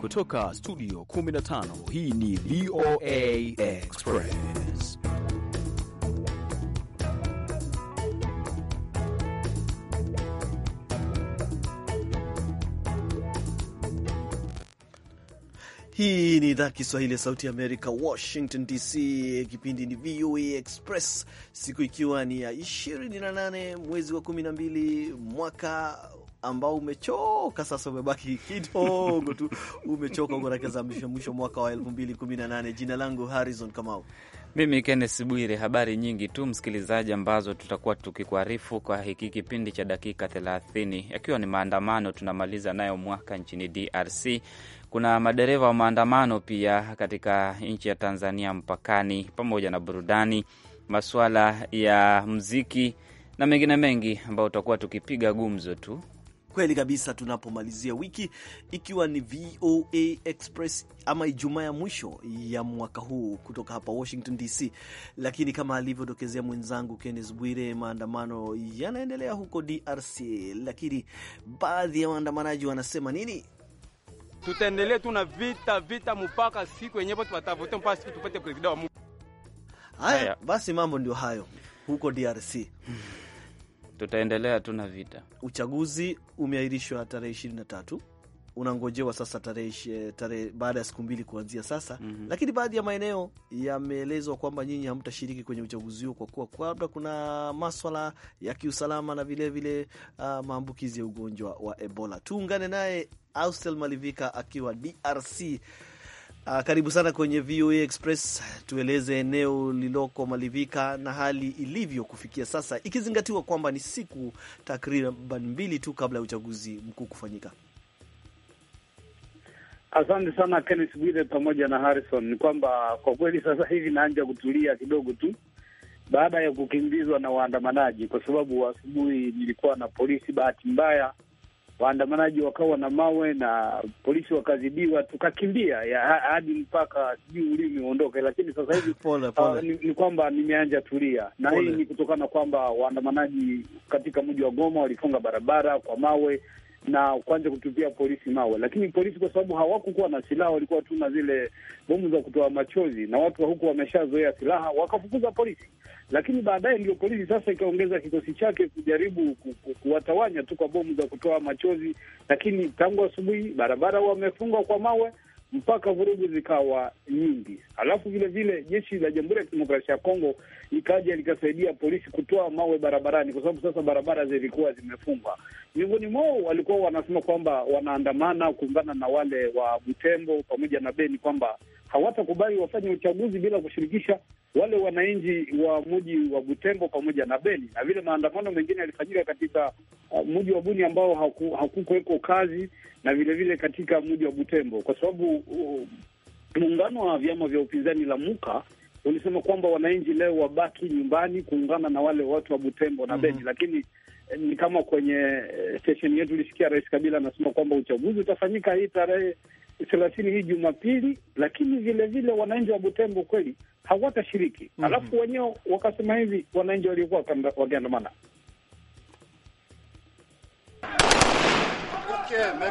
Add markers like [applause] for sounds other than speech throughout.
Kutoka studio 15 hii ni VOA Express. Hii ni idhaa Kiswahili ya Sauti ya Amerika, Washington DC. Kipindi ni VOA Express, siku ikiwa ni ya 28 mwezi wa 12 mwaka ambao umechoka sasa, umebaki kidogo tu, umechoka kuelekeza mwisho mwisho mwaka wa nane. Jina langu Harrison Kamau. Mimi Kennes Bwire. Habari nyingi tu msikilizaji, ambazo tutakuwa tukikuarifu kwa hiki kipindi cha dakika thelathini, yakiwa ni maandamano. Tunamaliza nayo mwaka nchini DRC. Kuna madereva wa maandamano pia katika nchi ya Tanzania mpakani, pamoja na burudani, masuala ya mziki na mengine mengi ambayo tutakuwa tukipiga gumzo tu Kweli kabisa, tunapomalizia wiki ikiwa ni VOA Express ama Ijumaa ya mwisho ya mwaka huu kutoka hapa Washington DC. Lakini kama alivyodokezea mwenzangu Kennes Bwire, maandamano yanaendelea huko DRC, lakini baadhi ya waandamanaji wanasema nini? Tutaendelea na vita vita mpaka siku yenyewe tutavote mpaka siku tupate president wa Mungu. Haya basi, mambo ndio hayo huko DRC tutaendelea tu na vita. Uchaguzi umeahirishwa tarehe ishirini na tatu unangojewa sasa tarehe eh, tarehe baada ya siku mbili kuanzia sasa. mm -hmm. Lakini baadhi ya maeneo yameelezwa kwamba nyinyi hamtashiriki kwenye uchaguzi huo kwa kuwa labda kuna maswala ya kiusalama na vilevile uh, ah, maambukizi ya ugonjwa wa Ebola. Tuungane naye Austel Malivika akiwa DRC Uh, karibu sana kwenye VOA Express. Tueleze eneo liloko malivika na hali ilivyo kufikia sasa, ikizingatiwa kwamba ni siku takriban mbili tu kabla ya uchaguzi mkuu kufanyika. Asante sana Kenneth Bwire pamoja na Harrison. Ni kwamba kwa kweli sasa hivi naanja kutulia kidogo tu baada ya kukimbizwa na waandamanaji, kwa sababu asubuhi nilikuwa na polisi, bahati mbaya waandamanaji wakawa na mawe na polisi wakazidiwa, tukakimbia hadi mpaka sijui ulimi uondoke. Lakini sasa hivi uh, ni, ni kwamba nimeanja tulia, na hii ni kutokana kwamba waandamanaji katika mji wa Goma walifunga barabara kwa mawe na kwanza kutupia polisi mawe, lakini polisi kwa sababu hawakukuwa na silaha, walikuwa tu na zile bomu za kutoa machozi, na watu wa huku wameshazoea silaha, wakafukuza polisi. Lakini baadaye ndio polisi sasa ikaongeza kikosi chake kujaribu ku, ku, kuwatawanya tu kwa bomu za kutoa machozi, lakini tangu asubuhi barabara wamefungwa kwa mawe mpaka vurugu zikawa nyingi. Alafu vile vile jeshi la Jamhuri ya Kidemokrasia ya Kongo ikaja likasaidia polisi kutoa mawe barabarani, kwa sababu sasa barabara zilikuwa zimefungwa. Miongoni mwao walikuwa wanasema kwamba wanaandamana kuungana na wale wa Butembo pamoja na Beni kwamba hawatakubali wafanye uchaguzi bila kushirikisha wale wananchi wa mji wa Butembo pamoja na Beni, na vile maandamano mengine yalifanyika katika uh, mji wa Buni ambao hakukuweko kazi, na vilevile vile katika mji wa Butembo, kwa sababu uh, muungano wa vyama vya upinzani la Muka ulisema kwamba wananchi leo wabaki nyumbani kuungana na wale watu wa Butembo na mm -hmm. Beni, mhm. lakini eh, ni kama kwenye eh, stesheni yetu ulisikia Rais Kabila anasema kwamba uchaguzi utafanyika hii tarehe thelathini hii Jumapili, lakini vilevile wananchi wa Butembo kweli hawatashiriki. mm -hmm. Alafu wenyewe wakasema hivi wananchi waliokuwa wakiandamana okay,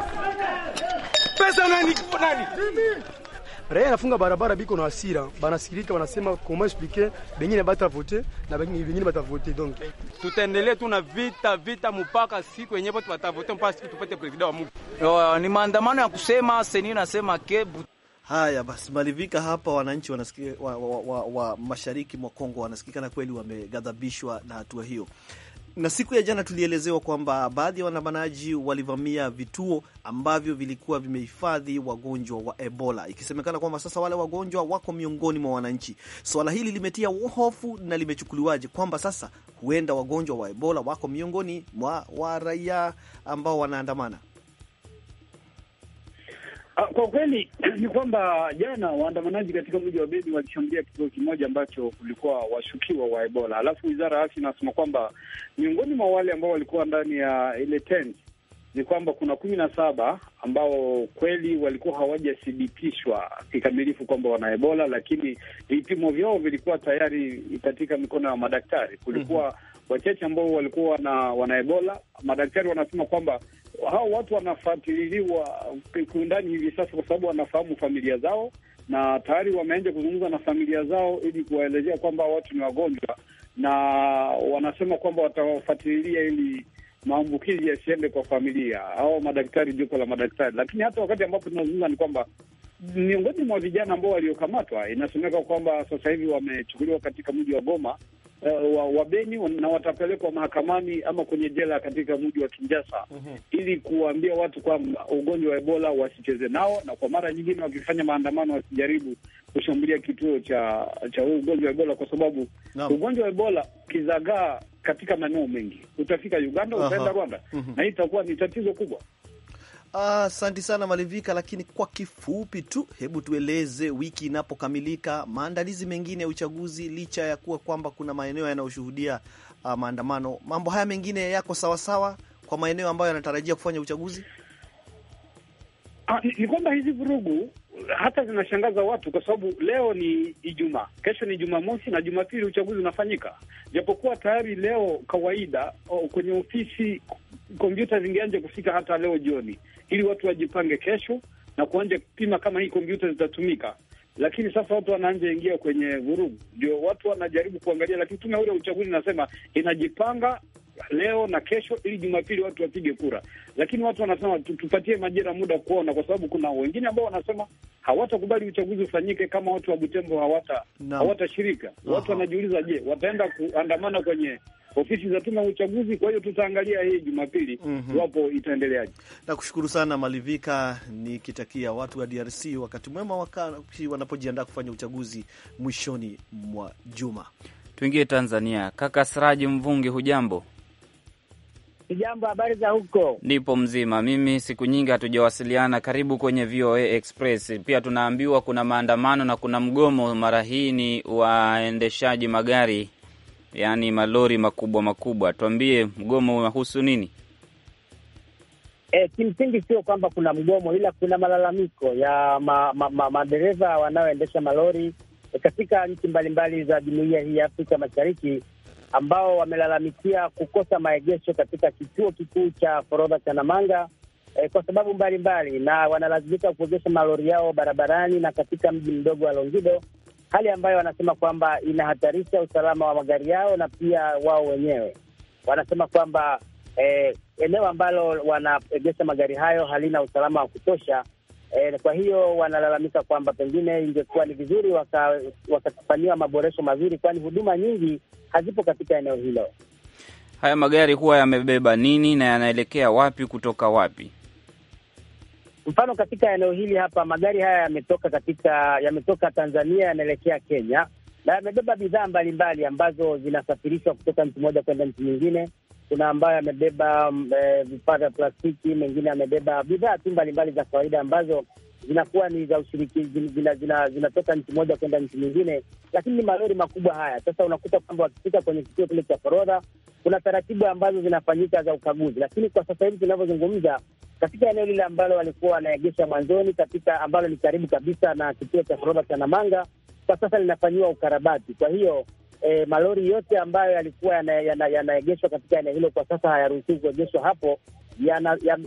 raia nafunga barabara biko na hasira, banasikilika wanasema koma explique bengine batavote na bengine batavote. Donc tutaendelea tu na vita vita mpaka siku yenyewe watu batavote mpaka siku tupate president wa Mungu. Uh, ni maandamano ya kusema seni nasema ke Haya basi, malivika hapa. Wananchi wanasikia wa, wa, wa, wa mashariki mwa Kongo wanasikika na kweli wameghadhabishwa na hatua hiyo na siku ya jana tulielezewa kwamba baadhi ya waandamanaji walivamia vituo ambavyo vilikuwa vimehifadhi wagonjwa wa Ebola, ikisemekana kwamba sasa wale wagonjwa wako miongoni mwa wananchi. Swala hili limetia hofu na limechukuliwaje, kwamba sasa huenda wagonjwa wa Ebola wako miongoni mwa raia ambao wanaandamana? Ah, kwa kweli [clears throat] ni kwamba jana waandamanaji katika mji wa Beni walishambulia kituo kimoja ambacho kulikuwa washukiwa wa Ebola, alafu wizara ya afya inasema kwamba miongoni mwa wale ambao walikuwa ndani ya ile tent ni kwamba kuna kumi na saba ambao kweli walikuwa hawajathibitishwa kikamilifu kwamba wana Ebola, lakini vipimo vyao vilikuwa tayari katika mikono ya madaktari. Kulikuwa mm -hmm. wachache ambao walikuwa na wana Ebola. Madaktari wanasema kwamba hao watu wanafuatiliwa kiundani hivi sasa, kwa sababu wanafahamu familia zao na tayari wameanza kuzungumza na familia zao ili kuwaelezea kwamba watu ni wagonjwa, na wanasema kwamba watawafuatilia ili maambukizi yasiende kwa familia au madaktari, jopo la madaktari. Lakini hata wakati ambapo tunazungumza ni kwamba miongoni mwa vijana ambao waliokamatwa, inasemeka kwamba sasa hivi wamechukuliwa katika mji wa Goma uh, wa, wa Beni na watapelekwa mahakamani ama kwenye jela katika mji wa kinjasa mm -hmm. ili kuwaambia watu kwamba ugonjwa wa Ebola wasicheze nao, na kwa mara nyingine wakifanya maandamano wasijaribu kushambulia kituo cha cha huu ugonjwa wa Ebola kwa sababu no. ugonjwa wa Ebola kizagaa katika maeneo mengi utafika Uganda, utaenda Rwanda mm -hmm. na hii itakuwa ni tatizo kubwa asanti ah, sana Malivika, lakini kwa kifupi tu, hebu tueleze wiki inapokamilika maandalizi mengine ya uchaguzi, licha ya kuwa kwamba kuna maeneo yanayoshuhudia ah, maandamano, mambo haya mengine yako sawasawa kwa maeneo ambayo yanatarajia kufanya uchaguzi? Ah, ni kwamba hizi vurugu hata zinashangaza watu kwa sababu leo ni Ijumaa, kesho ni Jumamosi na Jumapili uchaguzi unafanyika, japokuwa tayari leo kawaida kwenye ofisi kompyuta zingeanja kufika hata leo jioni, ili watu wajipange kesho na kuanja kupima kama hii kompyuta zitatumika. Lakini sasa watu wanaanja ingia kwenye vurugu, ndio watu wanajaribu kuangalia, lakini tume ule uchaguzi nasema inajipanga leo na kesho, ili Jumapili watu wapige kura. Lakini watu wanasema tupatie majira muda kuona, kwa sababu kuna wengine ambao wanasema hawatakubali uchaguzi ufanyike kama watu wa Butembo hawata no. hawatashirika. Watu wanajiuliza, je, wataenda kuandamana kwenye ofisi za tume ya uchaguzi? Kwa hiyo tutaangalia hii Jumapili mhm. iwapo mm -hmm. itaendeleaje. Nakushukuru sana Malivika, nikitakia watu wa DRC wakati mwema wakati wanapojiandaa kufanya uchaguzi mwishoni mwa juma. Tuingie Tanzania. Kaka Siraji Mvungi, hujambo? jambo habari za huko? Nipo mzima mimi, siku nyingi hatujawasiliana. Karibu kwenye VOA Express. Pia tunaambiwa kuna maandamano na kuna mgomo, mara hii ni waendeshaji magari, yaani malori makubwa makubwa. Tuambie, mgomo unahusu nini? E, kimsingi sio kwamba kuna mgomo, ila kuna malalamiko ya ma, ma, ma, madereva wanaoendesha malori e, katika nchi mbalimbali za jumuiya hii ya Afrika Mashariki ambao wamelalamikia kukosa maegesho katika kituo kikuu cha forodha cha Namanga eh, kwa sababu mbalimbali mbali, na wanalazimika kuegesha malori yao barabarani na katika mji mdogo wa Longido, hali ambayo wanasema kwamba inahatarisha usalama wa magari yao na pia wao wenyewe. Wanasema kwamba eh, eneo ambalo wanaegesha magari hayo halina usalama wa kutosha E, kwa hiyo wanalalamika kwamba pengine ingekuwa ni vizuri wakafanyiwa waka maboresho mazuri, kwani huduma nyingi hazipo katika eneo hilo. Haya magari huwa yamebeba nini na yanaelekea wapi kutoka wapi? Mfano katika eneo hili hapa magari haya yametoka katika yametoka Tanzania yanaelekea Kenya na yamebeba bidhaa mbalimbali ambazo zinasafirishwa kutoka nchi moja kwenda nchi nyingine kuna ambayo amebeba mm, e, eh, vifaa vya plastiki, mengine amebeba bidhaa tu mbalimbali za kawaida ambazo zinakuwa ni za ushiriki, zinatoka zina, zina, zina nchi moja kwenda nchi nyingine, lakini ni malori makubwa haya. Sasa unakuta kwamba wakifika kwenye kituo kile cha forodha, kuna taratibu ambazo zinafanyika za ukaguzi, lakini kwa sasa hivi tunavyozungumza, katika eneo lile ambalo walikuwa wanaegesha mwanzoni, katika ambalo ni karibu kabisa na kituo cha forodha cha Namanga, kwa sasa linafanyiwa ukarabati, kwa hiyo e, malori yote ambayo yalikuwa yanaegeshwa yana, yana katika eneo hilo kwa sasa hayaruhusiwi kuegeshwa hapo,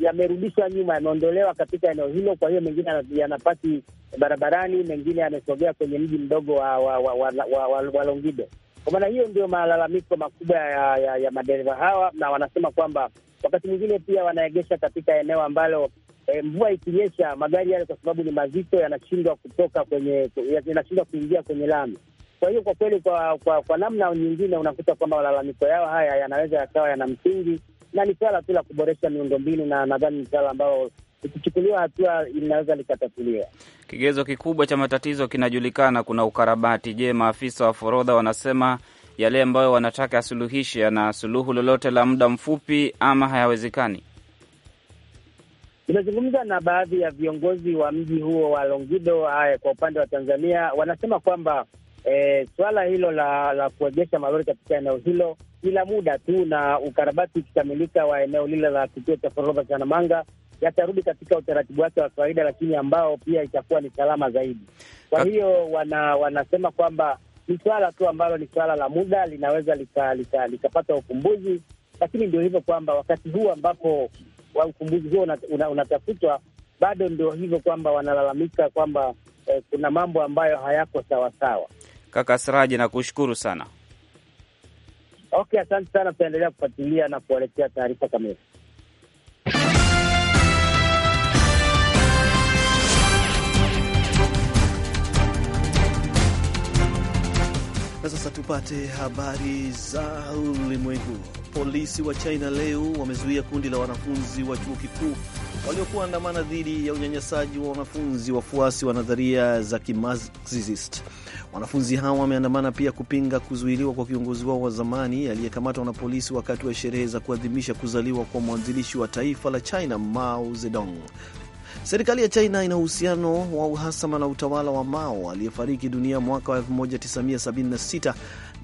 yamerudishwa ya, ya nyuma, yameondolewa katika eneo hilo. Kwa hiyo mengine yanapaki barabarani, mengine yamesogea kwenye mji mdogo wa, wa, wa, wa, wa, wa, wa Longido. Kwa maana hiyo ndio malalamiko makubwa ya, ya, ya madereva hawa, na wanasema kwamba wakati mwingine pia wanaegesha katika eneo ambalo E, mvua ikinyesha magari yale kwa sababu ni mazito yanashindwa kutoka kwenye yanashindwa kuingia kwenye lami. Kwa hiyo kwa kweli, kwa kwa, kwa namna nyingine unakuta kwamba malalamiko yao haya yanaweza yakawa yana msingi, na ni swala tu la kuboresha miundombinu, na nadhani ni swala ambayo ikichukuliwa hatua linaweza likatatuliwa. Kigezo kikubwa cha matatizo kinajulikana, kuna ukarabati. Je, maafisa wa forodha wanasema yale ambayo wanataka yasuluhishe yana suluhu lolote la muda mfupi ama hayawezekani? Nimezungumza na baadhi ya viongozi wa mji huo wa Longido kwa upande wa Tanzania, wanasema kwamba eh, suala hilo la la kuegesha malori katika eneo hilo ni la muda tu, na ukarabati ukikamilika wa eneo lile la kituo cha forodha cha Namanga yatarudi katika utaratibu wake wa kawaida, lakini ambao pia itakuwa ni salama zaidi. Kwa hiyo wana, wanasema kwamba ni swala tu ambalo ni swala la muda, linaweza likapata lika, lika ufumbuzi, lakini ndio hivyo kwamba wakati huu ambapo wa ufumbuzi huo unatafutwa una, una bado ndio hivyo kwamba wanalalamika kwamba eh, kuna mambo ambayo hayako sawasawa sawa. Kaka Siraji, nakushukuru sana. Okay, asante sana, tutaendelea kufuatilia na kuwaletea taarifa kamili. Na sasa tupate habari za ulimwengu. Polisi wa China leo wamezuia kundi la wanafunzi wa chuo kikuu waliokuwa andamana dhidi ya unyanyasaji wa wanafunzi wafuasi wa nadharia za Kimarxist. Wanafunzi hawa wameandamana pia kupinga kuzuiliwa kwa kiongozi wao wa zamani aliyekamatwa na polisi wakati wa sherehe za kuadhimisha kuzaliwa kwa mwanzilishi wa taifa la China, Mao Zedong. Serikali ya China ina uhusiano wa uhasama na utawala wa Mao aliyefariki dunia mwaka wa 1976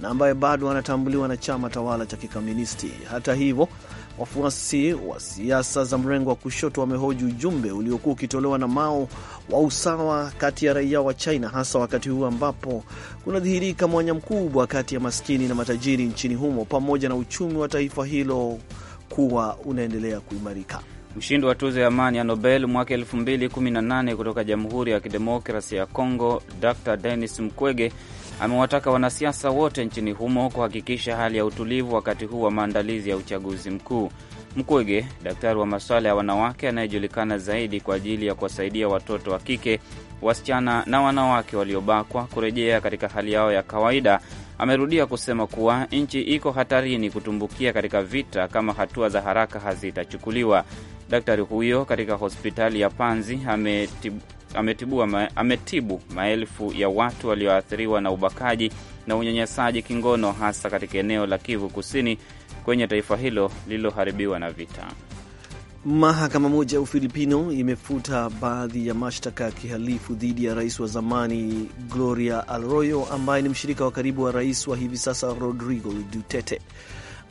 na ambaye bado anatambuliwa na chama tawala cha Kikomunisti. Hata hivyo Wafuasi wa siasa za mrengo wa kushoto wamehoji ujumbe uliokuwa ukitolewa na Mao wa usawa kati ya raia wa China, hasa wakati huu ambapo kunadhihirika mwanya mkubwa kati ya maskini na matajiri nchini humo, pamoja na uchumi wa taifa hilo kuwa unaendelea kuimarika. Mshindi wa tuzo ya amani ya Nobel mwaka 2018 kutoka Jamhuri ya Kidemokrasi ya Kongo, Dr Denis Mukwege amewataka wanasiasa wote nchini humo kuhakikisha hali ya utulivu wakati huu wa maandalizi ya uchaguzi mkuu. Mkwege, daktari wa masuala ya wanawake anayejulikana zaidi kwa ajili ya kuwasaidia watoto wa kike, wasichana na wanawake waliobakwa kurejea katika hali yao ya kawaida, amerudia kusema kuwa nchi iko hatarini kutumbukia katika vita kama hatua za haraka hazitachukuliwa. Daktari huyo katika hospitali ya Panzi ametibu ametibua, ametibu maelfu ya watu walioathiriwa na ubakaji na unyanyasaji kingono hasa katika eneo la Kivu Kusini kwenye taifa hilo lililoharibiwa na vita. Mahakama moja ya Ufilipino imefuta baadhi ya mashtaka ya kihalifu dhidi ya rais wa zamani Gloria Arroyo ambaye ni mshirika wa karibu wa rais wa hivi sasa Rodrigo Duterte.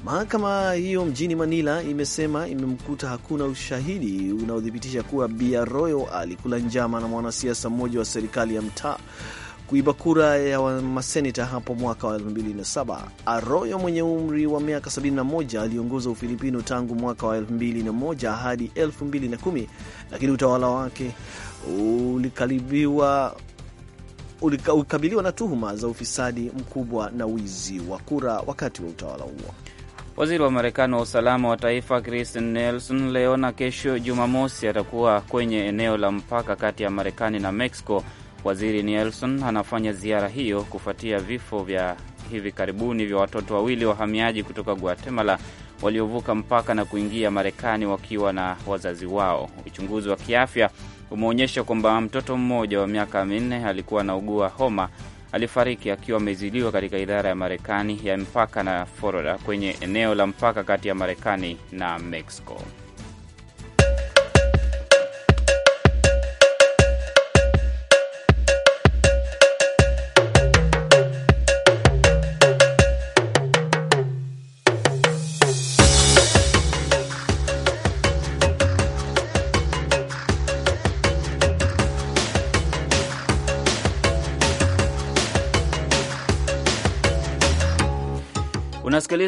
Mahakama hiyo mjini Manila imesema imemkuta hakuna ushahidi unaothibitisha kuwa Bi Arroyo alikula njama na mwanasiasa mmoja wa serikali ya mtaa kuiba kura ya maseneta hapo mwaka wa 2007. Arroyo mwenye umri wa miaka 71 aliongoza Ufilipino tangu mwaka wa 2001 hadi 2010, lakini utawala wake ulikalibiwa ulikabiliwa na tuhuma za ufisadi mkubwa na wizi wa kura wakati wa utawala huo. Waziri wa Marekani wa usalama wa taifa Chris Nelson leo na kesho Jumamosi atakuwa kwenye eneo la mpaka kati ya Marekani na Mexico. Waziri Nelson anafanya ziara hiyo kufuatia vifo vya hivi karibuni vya watoto wawili wahamiaji kutoka Guatemala waliovuka mpaka na kuingia Marekani wakiwa na wazazi wao. Uchunguzi wa kiafya umeonyesha kwamba mtoto mmoja wa miaka minne alikuwa anaugua homa alifariki akiwa amezidiwa katika idara ya Marekani ya mpaka na Florida kwenye eneo la mpaka kati ya Marekani na Mexico.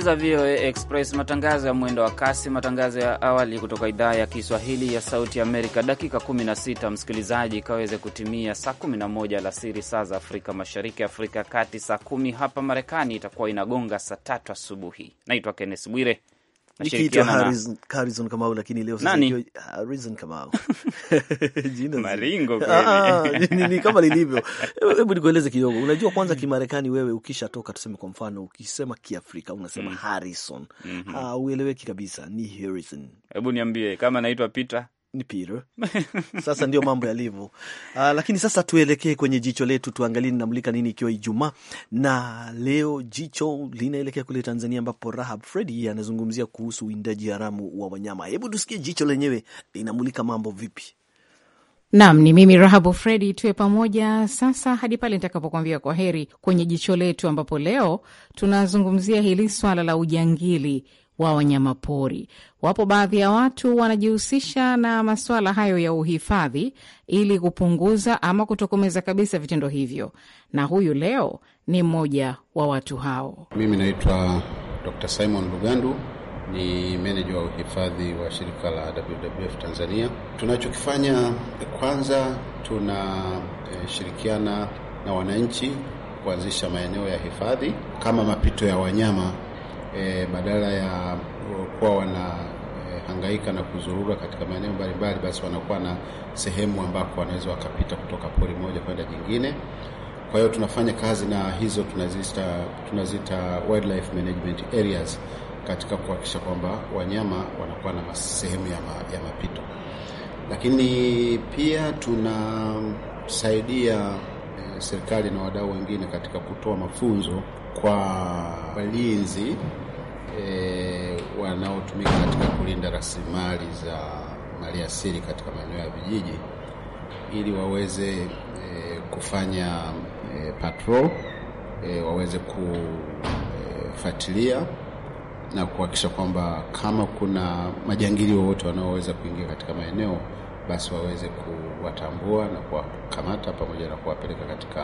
kusikiliza VOA Express, matangazo ya mwendo wa kasi, matangazo ya awali kutoka idhaa ya Kiswahili ya Sauti Amerika. Dakika 16 msikilizaji, ikaweze kutimia saa 11 alasiri saa za Afrika Mashariki, Afrika ya Kati, saa kumi hapa Marekani itakuwa inagonga saa tatu asubuhi. Naitwa Kennes Bwire nikiitwa Harrison, Harrison Kamau, lakini leo Harrison Kamau [laughs] jina maringo ah, kweli ah, ni kama lilivyo. [laughs] Hebu nikueleze kidogo. Unajua, kwanza Kimarekani wewe ukishatoka, tuseme kwa mfano, ukisema Kiafrika unasema mm. Harrison mm -hmm. Ah, haueleweki kabisa, ni Harrison. Hebu niambie kama naitwa Peter ni Peter. Sasa ndio mambo yalivyo. Uh, lakini sasa tuelekee kwenye jicho letu, tuangalie linamulika nini, ikiwa Ijumaa na leo jicho linaelekea kule Tanzania, ambapo Rahab Fredi anazungumzia kuhusu uindaji haramu wa wanyama. Hebu tusikie jicho lenyewe linamulika mambo vipi. Nam, ni mimi Rahabu Fredi, tuwe pamoja sasa hadi pale nitakapokuambia kwa heri kwenye jicho letu, ambapo leo tunazungumzia hili swala la ujangili wa wanyamapori. Wapo baadhi ya watu wanajihusisha na masuala hayo ya uhifadhi ili kupunguza ama kutokomeza kabisa vitendo hivyo, na huyu leo ni mmoja wa watu hao. Mimi naitwa Dr. Simon Lugandu ni meneja wa uhifadhi wa shirika la WWF Tanzania. Tunachokifanya kwanza, tunashirikiana na wananchi kuanzisha maeneo ya hifadhi kama mapito ya wanyama e, badala ya kuwa wanahangaika eh, e, na kuzurura katika maeneo mbalimbali, basi wanakuwa na sehemu ambako wanaweza wakapita kutoka pori moja kwenda jingine. Kwa hiyo tunafanya kazi na hizo tunazita, tunazita wildlife management areas katika kuhakikisha kwamba wanyama wanakuwa na sehemu ya, ma, ya mapito, lakini pia tunasaidia eh, serikali na wadau wengine katika kutoa mafunzo kwa walinzi e, wanaotumika katika kulinda rasilimali za asili katika maeneo ya vijiji ili waweze e, kufanya e, patrol e, waweze kufuatilia e, na kuhakikisha kwamba kama kuna majangili wowote wanaoweza kuingia katika maeneo basi waweze kuwatambua na kuwakamata pamoja na kuwapeleka katika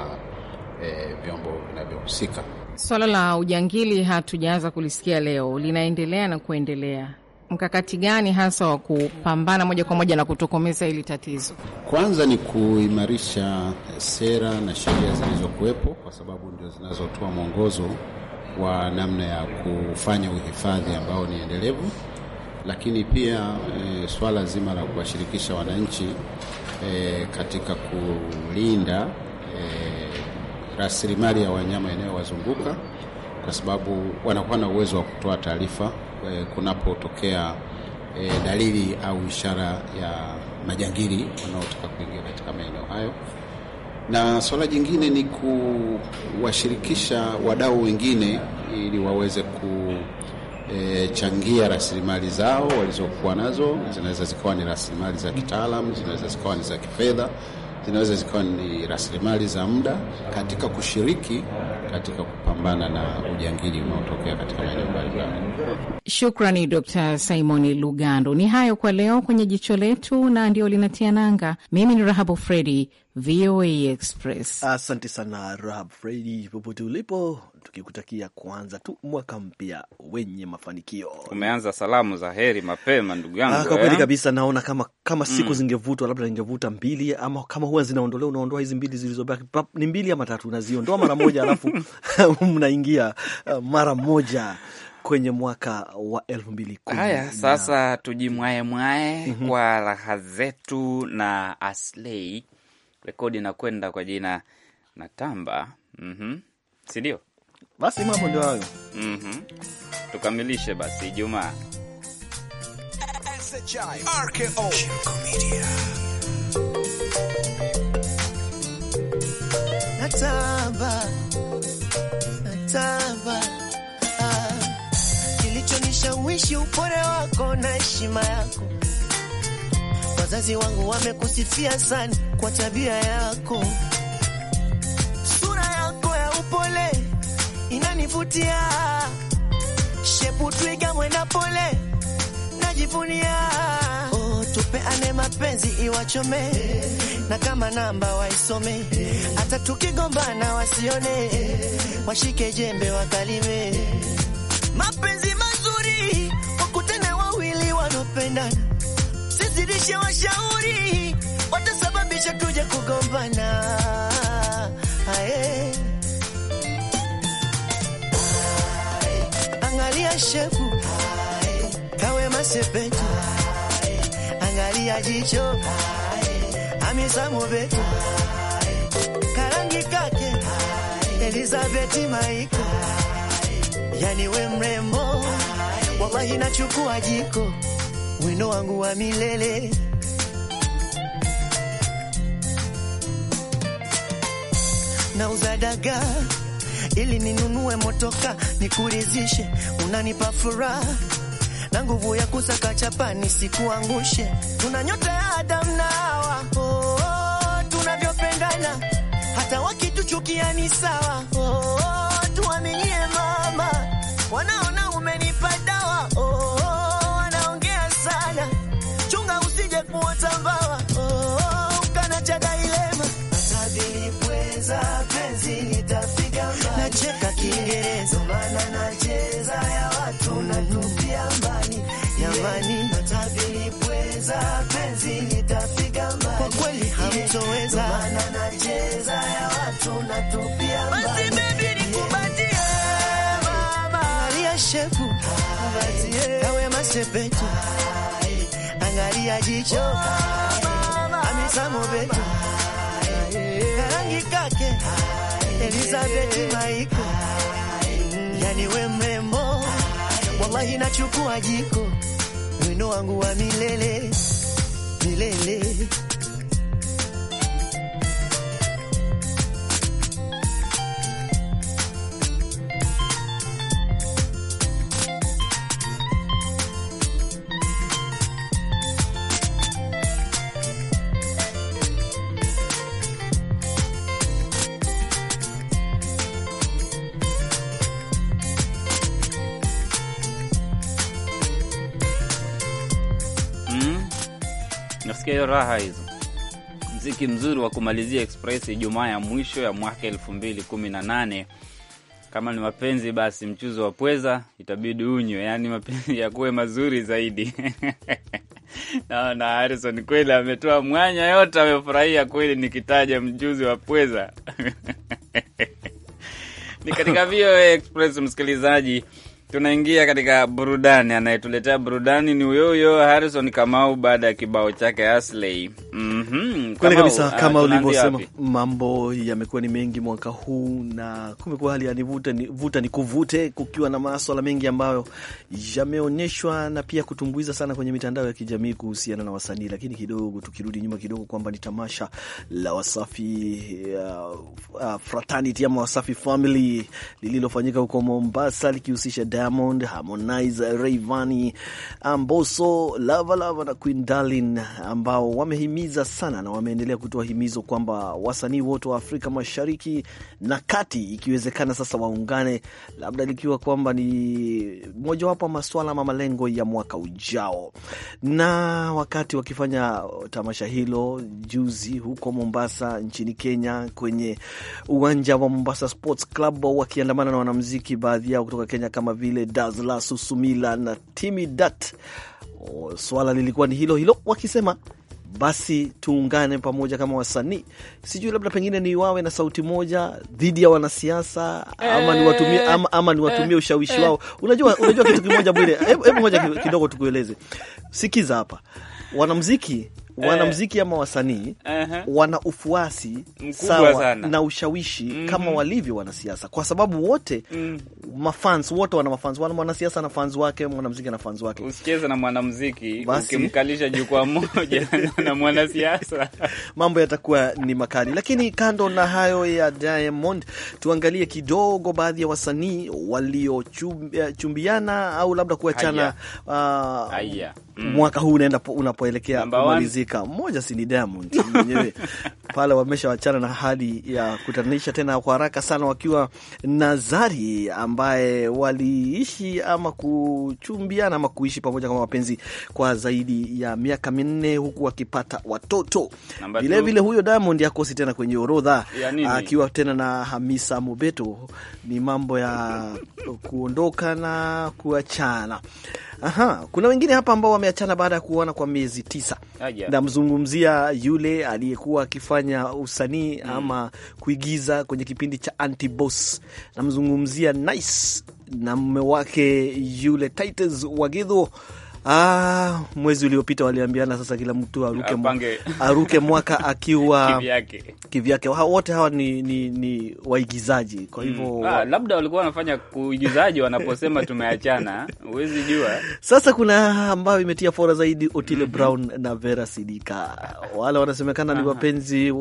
e, vyombo vinavyohusika. Swala la ujangili hatujaanza kulisikia leo, linaendelea na kuendelea. Mkakati gani hasa wa kupambana moja kwa moja na kutokomeza hili tatizo? Kwanza ni kuimarisha eh, sera na sheria zilizokuwepo, kwa sababu ndio zinazotoa mwongozo wa namna ya kufanya uhifadhi ambao ni endelevu, lakini pia e, swala zima la kuwashirikisha wananchi e, katika kulinda e, rasilimali ya wanyama inayowazunguka kwa sababu wanakuwa na uwezo wa kutoa taarifa e, kunapotokea e, dalili au ishara ya majangili wanaotaka kuingia katika maeneo hayo, na suala jingine ni kuwashirikisha wadau wengine ili waweze ku E, changia rasilimali zao walizokuwa nazo. Zinaweza zikawa ni rasilimali za kitaalamu, zinaweza zikawa ni za kifedha zinaweza zikawa ni rasilimali za muda katika kushiriki katika kupambana na ujangili unaotokea katika maeneo mbalimbali. Shukrani Dr. Simoni Lugando. Ni hayo kwa leo kwenye jicho letu, na ndio linatia nanga. Mimi ni Rahabu Fredi, VOA Express. Asante sana Rahab Fredi, popote ulipo, tukikutakia kuanza tu mwaka mpya wenye mafanikio. Umeanza salamu za heri mapema, ndugu yangu. Ah, kwa kweli eh? kabisa, naona kama kama mm. siku mm, zingevutwa labda ningevuta mbili, ama kama huwa zinaondolewa, unaondoa hizi mbili zilizobaki, ni mbili ama tatu, unaziondoa mara moja, alafu [laughs] mnaingia uh, mara moja kwenye mwaka wa elfu mbili kumi. Haya sasa, tujimwae mwae mm -hmm. kwa raha zetu na aslei rekodi inakwenda kwa jina na tamba mm -hmm. sindio? Basi mambo ndio hayo mm -hmm. Tukamilishe basi Ijumaa kuishi upole wako na heshima yako. Wazazi wangu wamekusifia sana kwa tabia yako, sura yako ya upole inanivutia, shepu twiga mwenda pole najivunia. Oh, tupeane mapenzi iwachome, na kama namba waisome, hata tukigombana wasione, washike jembe wakalime mapenzi kupendana, sizidishe washauri, watasababisha tuje kugombana. Aye, angalia shefu kawe masepetu, angalia jicho Hamisa Mobeto, karangi kake Elizabeth Maiko, yani we mrembo, wallahi nachukua jiko wino wangu wa milele. Nauza dagaa ili ninunue motoka nikurizishe, unanipa furaha na nguvu ya kusaka chapa nisikuangushe. Tuna nyota ya Adamu na Hawa, oh, oh tunavyopendana hata wakituchukia ni sawa oh. Niite Betu, angalia jicho amisamo Betu, karangi kake Elizabeth Maiko, yani we mrembo, wallahi nachukua jiko wino wangu wa milele milele hiyo raha hizo. Mziki mzuri wa kumalizia Express Ijumaa ya mwisho ya mwaka elfu mbili kumi na nane. Kama ni mapenzi, basi mchuzi wa pweza itabidi unywe, yaani mapenzi [laughs] yakuwe mazuri zaidi. [laughs] Naona Harison kweli ametoa mwanya yote, amefurahia kweli nikitaja mchuzi wa pweza [laughs] ni katika VOA Express msikilizaji Tunaingia katika burudani. Anayetuletea burudani ni huyo huyo Harrison Kamau baada ya kibao chake Asley. Mhm. Kweli kabisa, ah, kama ulivyosema, mambo yamekuwa ni mengi mwaka huu na kumekuwa hali ya nivuta ni, vuta ni kuvute, kukiwa na maswala mengi ambayo yameonyeshwa na pia kutumbuiza sana kwenye mitandao ya kijamii kuhusiana na wasanii. Lakini kidogo tukirudi nyuma kidogo, kwamba ni tamasha la Wasafi uh, uh, Fraternity ama Wasafi Family lililofanyika huko Mombasa likihusisha Diamond, Harmonize, Rayvanny, Mbosso, Lava Lava na Queen Darling, ambao wamehimiza sana na wameendelea kutoa himizo kwamba wasanii wote wa Afrika Mashariki na Kati ikiwezekana sasa waungane, labda likiwa kwamba ni mojawapo maswala ama malengo ya mwaka ujao. Na wakati wakifanya tamasha hilo juzi huko Mombasa nchini Kenya kwenye uwanja wa Mombasa Sports Club, wakiandamana na wanamziki baadhi yao kutoka Kenya kama vile vile Dazla Susumila na Timidat. Swala lilikuwa ni hilo hilo, wakisema basi tuungane pamoja kama wasanii. Sijui labda pengine ni wawe na sauti moja dhidi ya wanasiasa ama watumie eh. ama, ama watumie eh. ushawishi eh. wao. Unajua, unajua kitu kimoja Bwire, hebu moja kidogo tukueleze. Sikiza hapa wanamziki Eh. wanamziki ama wasanii uh -huh. wana ufuasi sawa na ushawishi mm -hmm. kama walivyo wanasiasa, kwa sababu wote mm mafans wote wana mafans, wana mwanasiasa na fans wake, mwanamziki na fans wake. Usicheze na mwanamziki ukimkalisha jukwaa [laughs] moja na mwanasiasa mambo yatakuwa ni makali. Lakini kando na hayo ya Diamond, tuangalie kidogo baadhi ya wasanii waliochumbiana eh, au labda kuachana uh, Mm. mwaka huu unaenda unapoelekea kumalizika. Mmoja si ni Diamond mwenyewe [laughs] pale, wameshawachana na hali ya kutanisha tena kwa haraka sana, wakiwa na Zari ambaye waliishi ama kuchumbiana ama kuishi pamoja kama wapenzi kwa zaidi ya miaka minne, huku wakipata watoto vilevile. Huyo Diamond akosi tena kwenye orodha akiwa tena na Hamisa Mobeto. Ni mambo ya kuondoka na kuachana Aha, kuna wengine hapa ambao wameachana baada ya kuona kwa miezi tisa. Namzungumzia yule aliyekuwa akifanya usanii mm, ama kuigiza kwenye kipindi cha Antiboss. Namzungumzia Nice na mume wake yule Titus Wagidho Ah, mwezi uliopita waliambiana sasa kila mtu aruke, aruke mwaka [laughs] akiwa kivyake. Wote hawa ni, ni, ni waigizaji kwa hmm. hivyo mm. Ah, labda walikuwa wanafanya kuigizaji wanaposema tumeachana, huwezi jua. Sasa kuna ambayo imetia fora zaidi Otile mm -hmm. Brown na Vera Sidika, wale wanasemekana ni wapenzi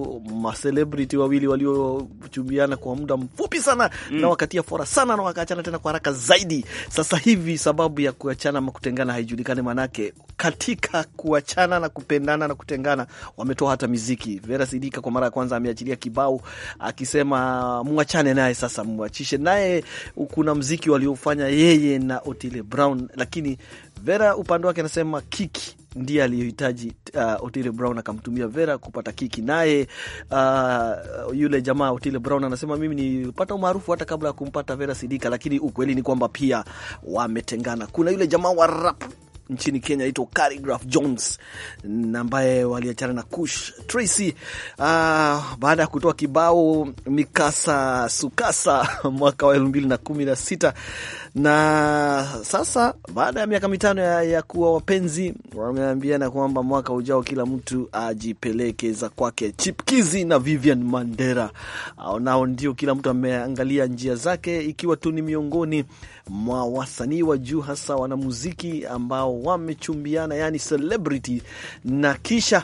macelebrity wawili waliochumiana kwa muda mfupi sana mm. na wakatia fora sana na wakaachana tena kwa haraka zaidi. Sasa hivi sababu ya kuachana ama kutengana haijulikani wajulikane, manake katika kuachana na kupendana na kutengana wametoa hata miziki. Vera Sidika kwa mara ya kwanza ameachilia kibao akisema mwachane naye sasa, mwachishe naye. Kuna mziki waliofanya yeye na Otile Brown, lakini Vera upande wake anasema kiki ndiye aliyohitaji uh, Otile Brown akamtumia Vera kupata kiki. Naye uh, yule jamaa Otile Brown anasema mimi nilipata umaarufu hata kabla ya kumpata Vera Sidika, lakini ukweli ni kwamba pia wametengana. Kuna yule jamaa wa rap nchini Kenya aitwa Carigraph Jones ambaye waliachana na Kush Tracy uh, baada ya kutoa kibao mikasa sukasa [laughs] mwaka wa elfu mbili na kumi na sita na sasa baada ya miaka mitano ya, ya kuwa wapenzi, wameambiana kwamba mwaka ujao kila mtu ajipeleke za kwake. Chipkizi na Vivian Mandera nao ndio kila mtu ameangalia njia zake, ikiwa tu ni miongoni mwa wasanii wa juu, hasa wanamuziki ambao wamechumbiana, yani celebrity na kisha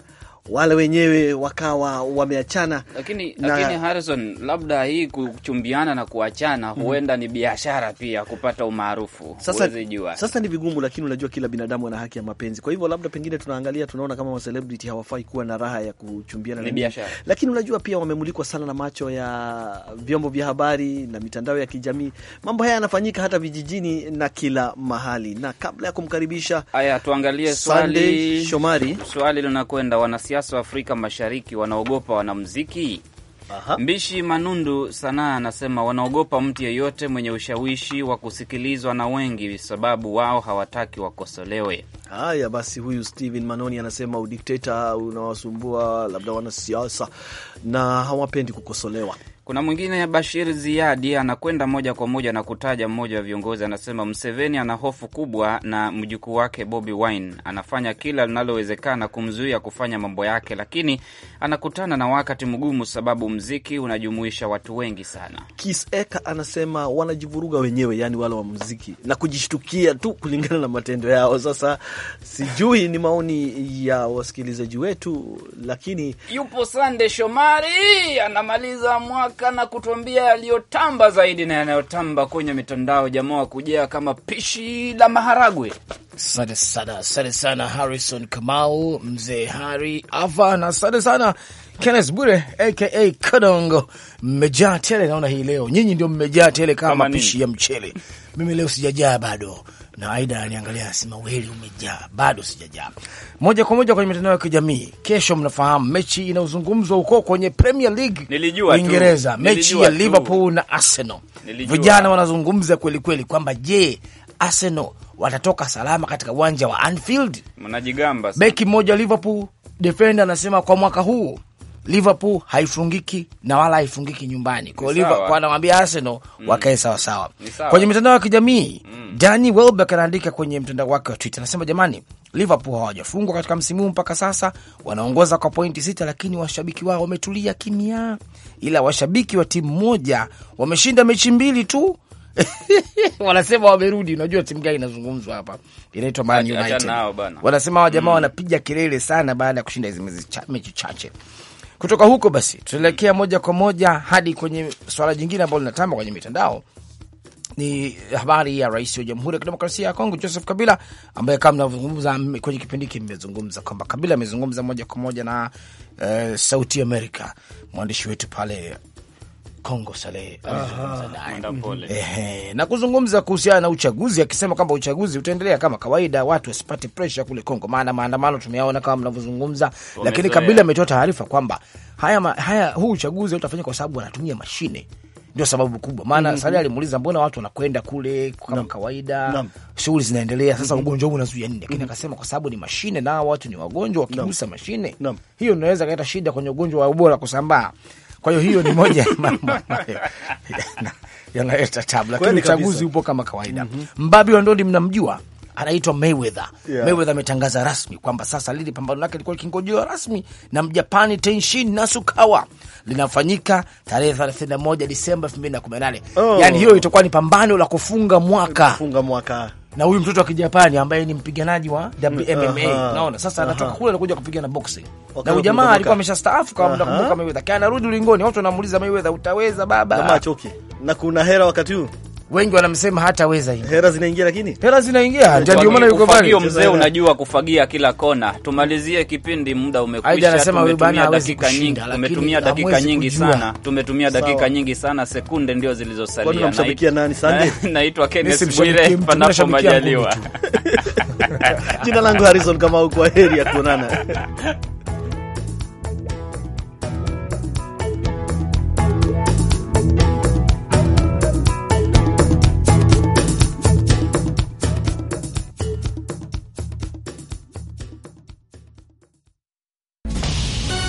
wale wenyewe wakawa wameachana. Lakini, na... lakini Harrison, labda hii kuchumbiana na kuachana mm -hmm. huenda ni biashara pia kupata umaarufu. Sasa, sasa ni vigumu, lakini unajua kila binadamu ana haki ya mapenzi. Kwa hivyo labda pengine tunaangalia tunaona kama macelebrity hawafai kuwa na raha ya kuchumbiana, na biashara. Lakini unajua pia wamemulikwa sana na macho ya vyombo vya habari na mitandao ya kijamii. Mambo haya yanafanyika hata vijijini na kila mahali. Na kabla ya kumkaribisha haya, tuangalie swali Shomari, swali linakwenda wana wanasiasa wa Afrika Mashariki wanaogopa wanamziki? Aha. Mbishi Manundu Sanaa anasema wanaogopa mtu yeyote mwenye ushawishi wa kusikilizwa na wengi, sababu wao hawataki wakosolewe. Haya basi, huyu Steven Manoni anasema udikteta unawasumbua labda wanasiasa na hawapendi kukosolewa. Kuna mwingine Bashir Ziadi anakwenda moja kwa moja na kutaja mmoja wa viongozi, anasema Mseveni ana hofu kubwa na mjukuu wake Bobi Wine. Anafanya kila linalowezekana kumzuia kufanya mambo yake, lakini anakutana na wakati mgumu, sababu mziki unajumuisha watu wengi sana. Kiseka anasema wanajivuruga wenyewe, yani wale wa mziki na kujishtukia tu kulingana na matendo yao. Sasa sijui ni maoni ya wasikilizaji wetu, lakini yupo Sande Shomari anamaliza mwaka kuandika na kutuambia yaliyotamba zaidi na yanayotamba kwenye mitandao, jamaa wa kujaa kama pishi la maharagwe. Asante sana, asante sana Harrison Kamau, mzee Hari Ava, na asante sana Kennes Bure aka Kodongo, Mmejaa tele, naona hii leo nyinyi ndio mmejaa tele kama mapishi ya mchele. Mimi leo sijajaa bado na Aida aniangalia anasema weli umejaa, bado sijajaa. Moja kwa moja kwenye mitandao ya kijamii. Kesho mnafahamu mechi inayozungumzwa huko kwenye Premier League Uingereza, mechi ya Liverpool na Arsenal. Nilijua. Vijana wanazungumza kweli kweli kwamba je, Arsenal watatoka salama katika uwanja wa Anfield? Mnajigamba. Beki mmoja Liverpool defender anasema kwa mwaka huu Liverpool haifungiki na wala haifungiki nyumbani. Kwa hiyo anamwambia Arsenal mm. wakae sawa sawa. Kwenye mitandao ya kijamii mm. Danny Welbeck anaandika kwenye mtandao wake wa Twitter, anasema jamani, Liverpool hawajafungwa katika msimu huu mpaka sasa, wanaongoza kwa pointi sita, lakini washabiki wao wametulia kimya, ila washabiki wa timu moja wameshinda mechi mbili tu [laughs] wanasema wamerudi. Unajua timu gani inazungumzwa hapa? Inaitwa Man United. Wanasema hawa jamaa mm. wanapiga kelele sana baada ya kushinda hizi mechi chache. Kutoka huko basi tutaelekea moja kwa moja hadi kwenye swala jingine ambalo linatamba kwenye mitandao ni habari ya rais wa Jamhuri ya Kidemokrasia ya Kongo Joseph Kabila, ambaye kama mnavyozungumza kwenye kipindi hiki mmezungumza kwamba Kabila amezungumza moja kwa moja na uh, Sauti Amerika, mwandishi wetu pale Kongo Salehe na kuzungumza kuhusiana na uchaguzi, akisema kwamba uchaguzi utaendelea kama kawaida, watu wasipate presha kule Kongo, maana maandamano tumeyaona kama mnavyozungumza. Lakini Kabila ametoa taarifa kwamba haya, haya, huu uchaguzi utafanyika kwa sababu wanatumia mashine ndio sababu kubwa maana, mm -hmm. Sali alimuuliza mbona watu wanakwenda kule kama kawaida, shughuli zinaendelea sasa, mhm. ugonjwa huu unazuia nini? Lakini mhm. akasema kwa sababu ni mashine na watu ni wagonjwa, wakigusa mashine hiyo inaweza kaleta shida kwenye ugonjwa wa ubora kusambaa. Kwa hiyo hiyo ni moja ya mambo [laughs] yanaleta tabu, lakini uchaguzi upo kama kawaida. Mhm. Mbabi wa ndondi mnamjua anaitwa Mayweather. Yeah. Mayweather ametangaza rasmi kwamba sasa lile pambano lake lilikuwa likingojewa rasmi na Mjapani Tenshin Nasukawa linafanyika tarehe 31 Disemba 2018. Oh. Yaani hiyo itakuwa ni pambano la kufunga mwaka. Kufunga mwaka na huyu mtoto wa Kijapani ambaye ni mpiganaji wa WMMA, naona sasa anatoka kule anakuja kupigana boxing boxing, na huyu jamaa alikuwa ameshastaafu kama mnakumbuka Mayweather, kana rudi ulingoni, watu wanamuuliza Mayweather, utaweza baba? Jamaa choki na kuna hera wakati huu wengi wanamsema hata weza hiyo Hela zinaingia lakini, hela zinaingia, ndio maana yuko pale. mzee, unajua kufagia kila kona. Tumalizie kipindi, muda umekwisha. Tumetumia dakika nyingi, umetumia dakika nyingi sana, tumetumia dakika nyingi sana, sekunde ndio zilizosalia. nani? Sande, [laughs] Naitwa Kenneth Bwire, panapo majaliwa. [laughs] Jina langu Harrison Kamau, kwa heri ya kuonana. [laughs]